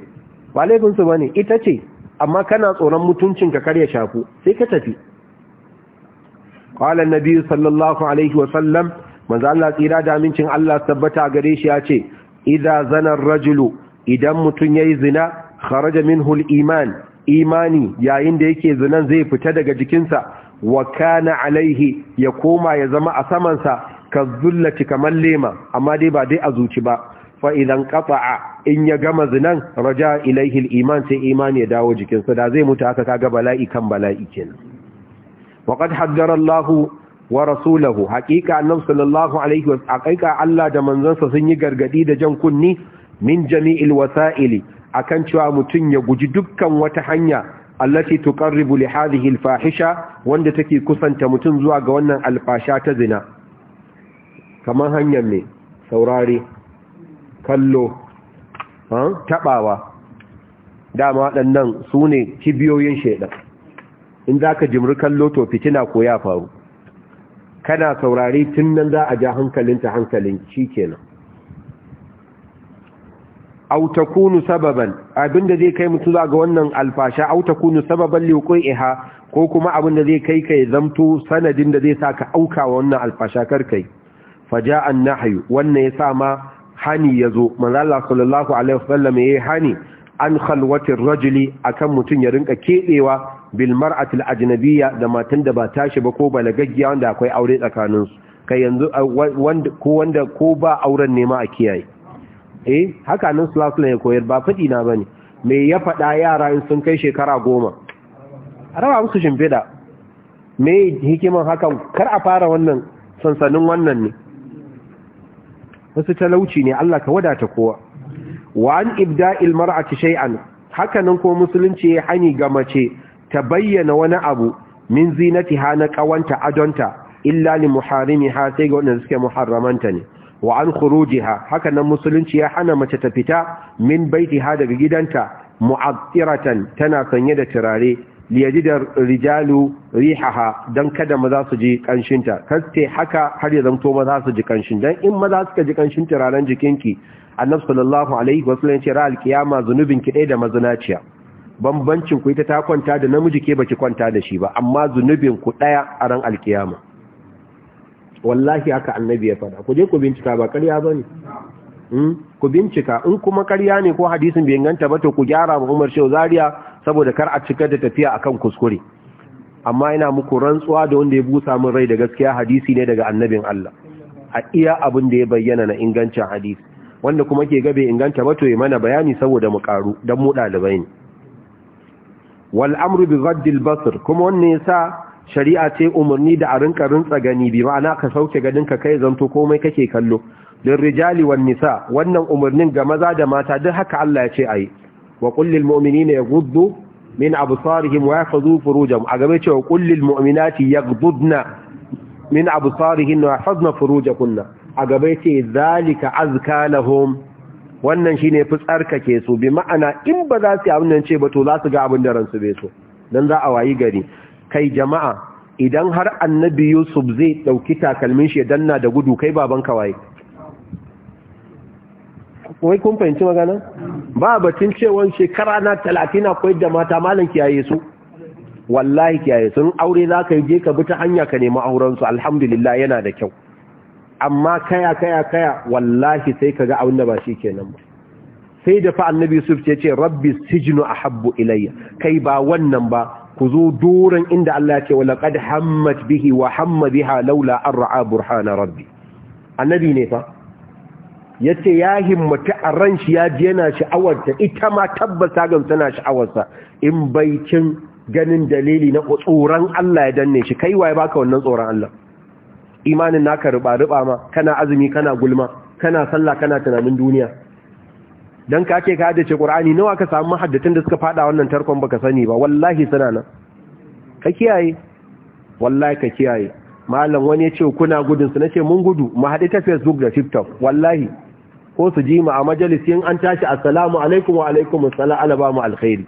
ba laifinsu ba ne ita ce amma kana tsoron mutuncinka kar ya shafu sai ka tafi qala an-nabi sallallahu alaihi wa sallam manzo Allah tsira da amincin Allah tabbata gare shi ya ce idza zana rajulu idan mutun yayi zina kharaja minhu al-iman imani yayin da yake zinan zai fita daga jikinsa wa kana alaihi ya koma ya zama a samansa ka zullaci kamar lema amma dai ba dai a zuci ba fa idan qata'a in ya gama zinan raja ilaihi al-iman sai imani ya dawo jikinsa da zai mutu haka kaga bala'i kan bala'i kenan وقد حذر الله ورسوله حقيقة النبي صلى الله عليه وسلم حقيقة الله دا sun yi gargadi da jan كني min جميع wasa'ili, akan cewa mutum ya guji dukkan wata hanya allati tuqarribu li hadhihi alfahisha wanda take kusanta mutum zuwa ga wannan alfasha ta zina kamar hanyar ne, saurare kallo tabawa dama waɗannan sune ne kibiyoyin shaidan in za ka jimri kallo to fitina ko ya faru kana saurari tun nan za a ja ta hankalin shi kenan autakunu sababan abinda zai kai mutu za ga wannan alfasha autakunu sababan liƙon iha ko kuma abinda zai kai kai zamto sanadin da zai sa ka auka wannan alfasha karkai faja an nahayu wannan ya sa ma hani ya zo manzala sallallahu alaihi wasallam ya yi hani an khalwatin rajuli akan mutum ya rinka keɓewa bil mar'atil ajnabiyya da matan da ba tashi ba ko balagaggiya wanda akwai aure tsakanin su kai yanzu wanda ko wanda ko ba auren ne a kiyaye eh haka nan sulasul ya koyar ba fadi na bane me ya fada yara in sun kai shekara goma rawa musu shimfida me hikiman hakan kar a fara wannan sansanin wannan ne wasu talauci ne Allah ka wadata kowa wa an ibda'il mar'ati shay'an hakanan ko musulunci ya hani ga mace ta bayyana wani abu min zinatiha na kawanta adonta illa li ha sai ga waɗanda suke muharramanta ne wa an ha haka nan musulunci ya hana mace ta fita min baitiha daga gidanta mu'attiratan tana sanye da turare liyajidar rijalu rihaha don kada maza su ji kanshinta kaste haka har ya zanto maza su ji kanshin don in maza suka ji kanshin turaren jikinki annabi sallallahu alaihi wasallam ya ce ra alkiyama zunubin ki da mazinaciya bambancin ku ita ta kwanta da namiji ke baki kwanta da shi ba amma zunubin ku daya a ran alkiyama wallahi haka annabi ya faɗa ku je ku bincika ba ƙarya bane hmm? ku bincika in kuma ƙarya ne ko hadisin bai inganta ba to ku gyara ma Umar Shehu Zaria saboda kar a cika da tafiya akan kuskure amma ina muku rantsuwa da wanda ya busa min rai da gaskiya hadisi ne daga annabin Allah a iya abin da ya bayyana na ingancin hadisi wanda kuma ke gabe inganta ba to ya mana bayani saboda mu karu dan mu ɗalibai ne wal amru bi ghaddil basr kuma wannan sa shari'a ce umarni da a rinka rintsa gani bi ma'ana ka sauke gadin ka kai zanto komai kake kallo lil rijali wan nisa wannan umarnin ga maza da mata duk haka Allah ya ce ayi wa qul lil ya gudu min abu absarihim wa yahfazu furujahum a gaba cewa qul lil ya yaghuddna min abu absarihinna wa yahfazna furujakunna a gaba ce zalika azka lahum wannan shi ne fi ke su bi ma'ana in ba za su yi abin nan ce ba to za su ga abin da ransu bai so don za a wayi gari kai jama'a idan har annabi Yusuf zai ɗauki takalmin shi danna da gudu kai baban kawai waye kun fahimci magana ba batun cewa shekara na talatin akwai da mata malam kiyaye su wallahi kiyaye sun aure za ka je ka bi ta hanya ka nemi auren su alhamdulillah yana da kyau amma kaya kaya kaya wallahi sai kaga abin da ba shi kenan ba sai da fa annabi yusuf ya ce rabbi sijnu ahabbu ilayya kai ba wannan ba ku zo doron inda Allah ya ce wa laqad hammat bihi wa hamma biha laula an ra'a burhana rabbi annabi ne fa ya ce ya himmatu a ran shi ya ji yana sha'awarta ita ma tabbata ga tana sha'awarsa in bai cin ganin dalili na tsoron Allah ya danne shi kai waye baka wannan tsoron Allah imanin naka ruba-ruba ma kana azumi kana gulma kana sallah kana tunanin duniya don ka ake ka haddace ƙur'ani nawa ka samu mahaddatan da suka fada wannan tarkon baka sani ba wallahi suna nan ka kiyaye wallahi ka kiyaye malam wani ya ce kuna gudun su nace mun gudu mu haɗe ta facebook da tiktok wallahi ko su ji mu a majalis yin an tashi assalamu alaikum wa alaikum assalamu ala mu alkhairi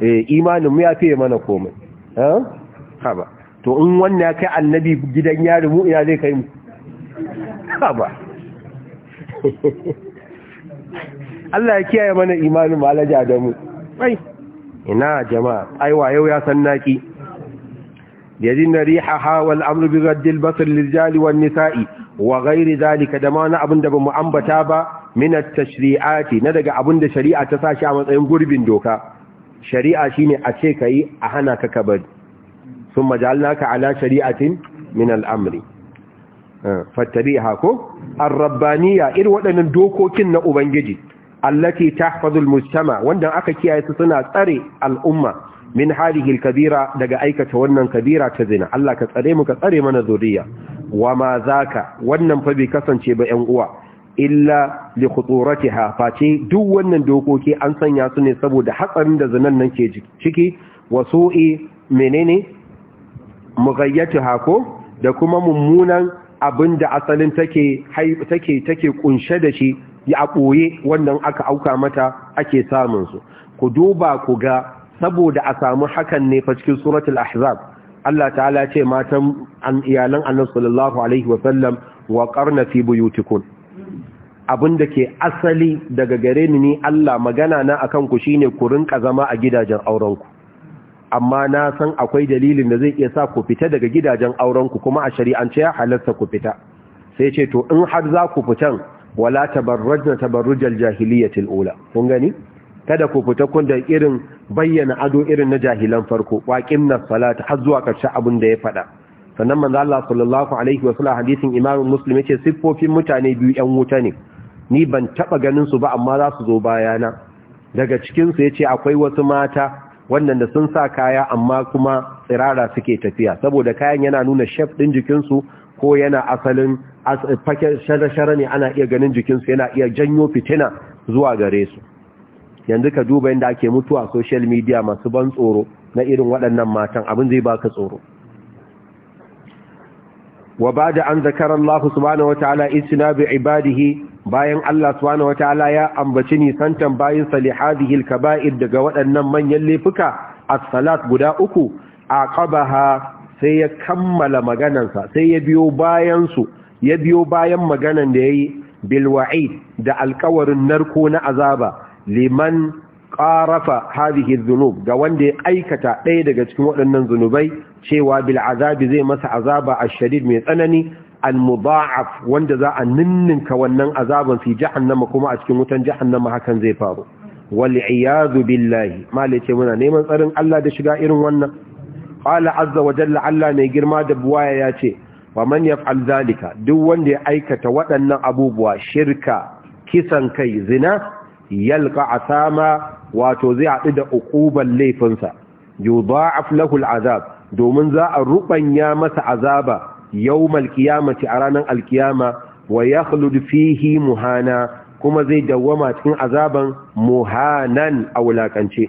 eh imanin mu ya fiye mana komai eh haba to in wannan kai annabi gidan yari mu ina zai kai mu ba Allah ya kiyaye mana imanin malaja da mu ai ina jama'a aiwa yau ya san naki yadin ha wal amru bi radd al basr lil rijali wan nisa'i wa ghairi zalika da ma na abinda bamu ambata ba min at tashri'ati na daga abin da shari'a ta sa shi a matsayin gurbin doka shari'a shine a ce kai a hana ka kabari sun majalaka ala shari'atin min al'amri ah, fattabiha ko ar irin ir waɗannan dokokin na ubangiji allati tahfazul mujtama wanda aka kiyaye su suna tsare al'umma min harihil kabira daga aikata wannan kabira ta zina Allah ka tsare mu ka tsare mana zuriya wa ma ka? wannan fa kasance ba 'yan uwa illa li khuturatiha face duk wannan dokoki an sanya su ne saboda hatsarin da zinan nan ke ciki wasu'i menene mugayyatu hako, da kuma mummunan abinda asalin take take take kunshe da shi ya a wannan aka auka mata ake samun su ku duba ku ga saboda a samu hakan ne fa cikin suratul ahzab Allah ta'ala ce matan an iyalan annabi sallallahu alaihi wa sallam wa qarna fi buyutikum abinda ke asali daga gare ni Allah magana na akan ku shine ku rinka zama a gidajen aurenku amma na san akwai dalilin da zai iya sa ku fita daga gidajen aurenku kuma a shari'ance ya halarta ku fita sai ce to in har za ku fitan wala tabarrajna tabarrujal jahiliyatil ula kun gani kada ku fita kun da irin bayyana ado irin na jahilan farko waqim na salat har zuwa karshe abin da ya faɗa sannan manzo Allah sallallahu alaihi wasallam hadisin Imam Muslim ce siffofin mutane biyu ƴan wuta ne ni ban taba ganin su ba amma za su zo bayana daga cikin su yace akwai wasu mata Wannan da sun sa kaya amma kuma tsirara suke tafiya saboda kayan yana nuna shef ɗin jikinsu ko yana asalin fake shara-shara ne ana iya ganin jikinsu yana iya janyo fitina zuwa gare su yanzu ka duba yadda ake mutuwa social media masu ban tsoro na irin waɗannan matan abin zai baka tsoro wa ba da an zakarar Allah subhanahu wa ta'ala isna bi ibadihi bayan Allah subhanahu wataala ya ambaci nisantan bayin salihadihil kaba'ir daga waɗannan manyan laifuka as-salat guda uku aqabaha sai ya kammala maganansa sai ya biyo bayan su ya biyo bayan maganan da yayi bil wa'id da alƙawarin narko na azaba liman qarafa hadhihi dhunub ga wanda ya aikata ɗaya daga cikin waɗannan zunubai cewa bil azabi zai masa azaba ash-shadid mai tsanani al wanda za a ninninka wannan azaban fi jahannama kuma a cikin wutan jahannama hakan zai faru wal iyadu billahi malice muna neman tsarin Allah da shiga irin wannan qala azza wa jalla Allah mai girma da buwaya yace wa man yaf'al zalika duk wanda ya aikata waɗannan abubuwa shirka kisan kai zina yalqa asama wato zai haɗu da uquban laifinsa yudha'af lahu domin za a rubanya masa azaba yawmal qiyamati a ranar alkiyama wa yakhlud fihi muhana kuma zai dawwama cikin azaban muhanan a wulakance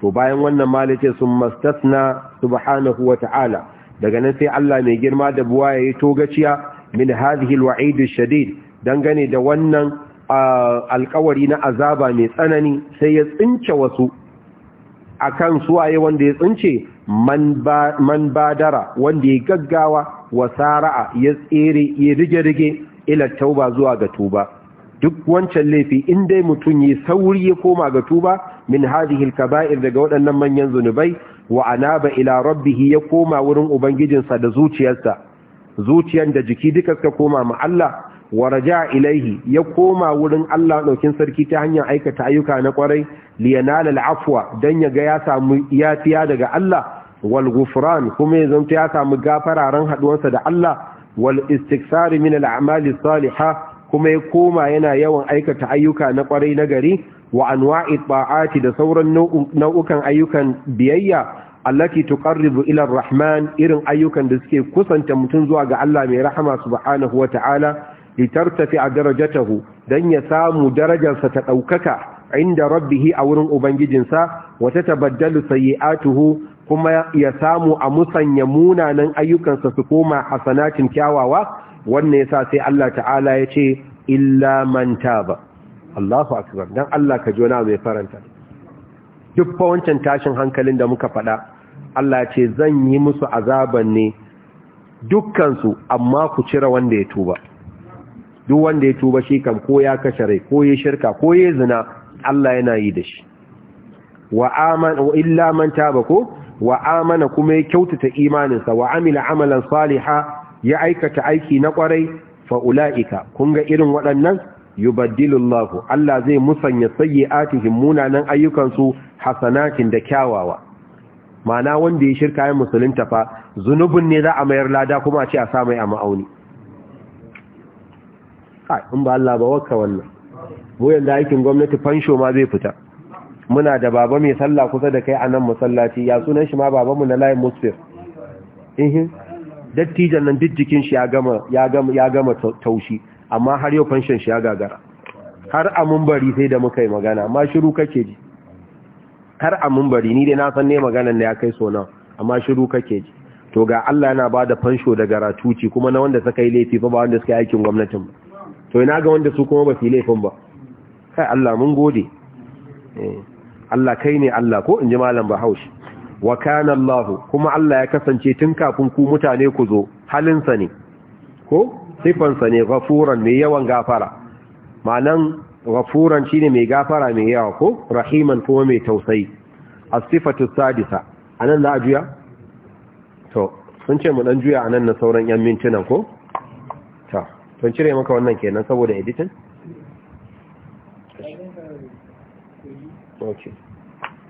to bayan wannan malice sun mastasna subhanahu wa ta'ala daga nan sai Allah mai girma da buwa yayi togaciya min hadhihi alwa'id shadid dangane da wannan alkawari na azaba mai tsanani sai ya tsince wasu akan suwaye wanda ya tsince man badara wanda ya gaggawa wasara'a ya tsere ya rige-rige ila tauba zuwa ga tuba duk wancan laifi in dai mutum yi sauri ya koma ga tuba min hadhihi al-kaba'ir daga waɗannan manyan zunubai wa anaba ila rabbih ya koma wurin ubangijinsa da zuciyarsa zuciyar da jiki duka suka koma ma Allah wa raja ilaihi ya koma wurin Allah ɗaukin sarki ta hanyar aikata ayyuka na kwarai liyanal afwa dan ya ga ya samu yafiya daga Allah wal kuma ya zanto ya samu gafara haɗuwarsa da Allah wal istiksari min al a'mali kuma ya koma yana yawan aikata ayyuka na kwarai na gari wa anwa'i ta'ati da sauran nau'ukan ayyukan biyayya allati tuqarribu ila ar-rahman irin ayyukan da suke kusanta mutun zuwa ga Allah mai rahama subhanahu wa ta'ala litartafi'a darajatahu dan ya samu darajarsa ta ɗaukaka, inda rabbihi a wurin ubangijinsa wata wa tatabaddalu sayyi'atuhu kuma ya samu a musanya munanan ayyukansa su koma hasanatin kyawawa wannan yasa sai Allah ta'ala ya ce illa man taba Allahu akbar dan Allah ka jona mai faranta duk fa wancan tashin hankalin da muka faɗa Allah ya ce zan yi musu azaban ne dukkansu amma ku cire wanda ya tuba duk wanda ya tuba shi kam ko ya kashe rai ko ya shirka ko ya zina Allah yana yi da shi wa aman illa man taba ko wa amana kuma ya kyautata imaninsa wa amila amalan saliha ya aikata aiki na kwarai fa ulaika kun ga irin waɗannan yubaddilullahu Allah zai musanya sayyi'atihim munanan ayyukan su hasanatin da kyawawa mana wanda ya shirka ya musulunta fa zunubin ne za a mayar lada kuma a ce a sa mai a ma'auni in ba Allah ba wakka wannan mu yanzu aikin gwamnati fansho ma zai fita muna da baba mai sallah kusa da kai a nan masallaci ya sunan shi ma babanmu na layin musfir ihin dattijan nan duk jikin shi ya gama taushi amma har yau fanshin shi ya gagara har a mumbari sai da muka yi magana amma shiru kake ji har a mumbari ni dai na san ne maganan da ya kai so nan amma shiru kake ji to ga Allah yana ba da fansho da garatuci kuma na wanda suka yi laifi fa ba wanda suka yi aikin gwamnatin ba to ina ga wanda su kuma ba su yi laifin ba kai Allah mun gode eh Allah kai ne Allah ko in ji malam bahaushe wa kana Allah kuma Allah ya kasance tun kafin ku mutane ku zo halinsa ne ko sifansa ne ghafuran mai yawan gafara ma'anan ghafuran shine mai gafara mai yawa ko rahiman kuma mai tausayi as-sifatu sadisa anan za a juya to sun ce mu dan juya anan na sauran yan mintunan ko to tun cire maka wannan kenan saboda editing Okay.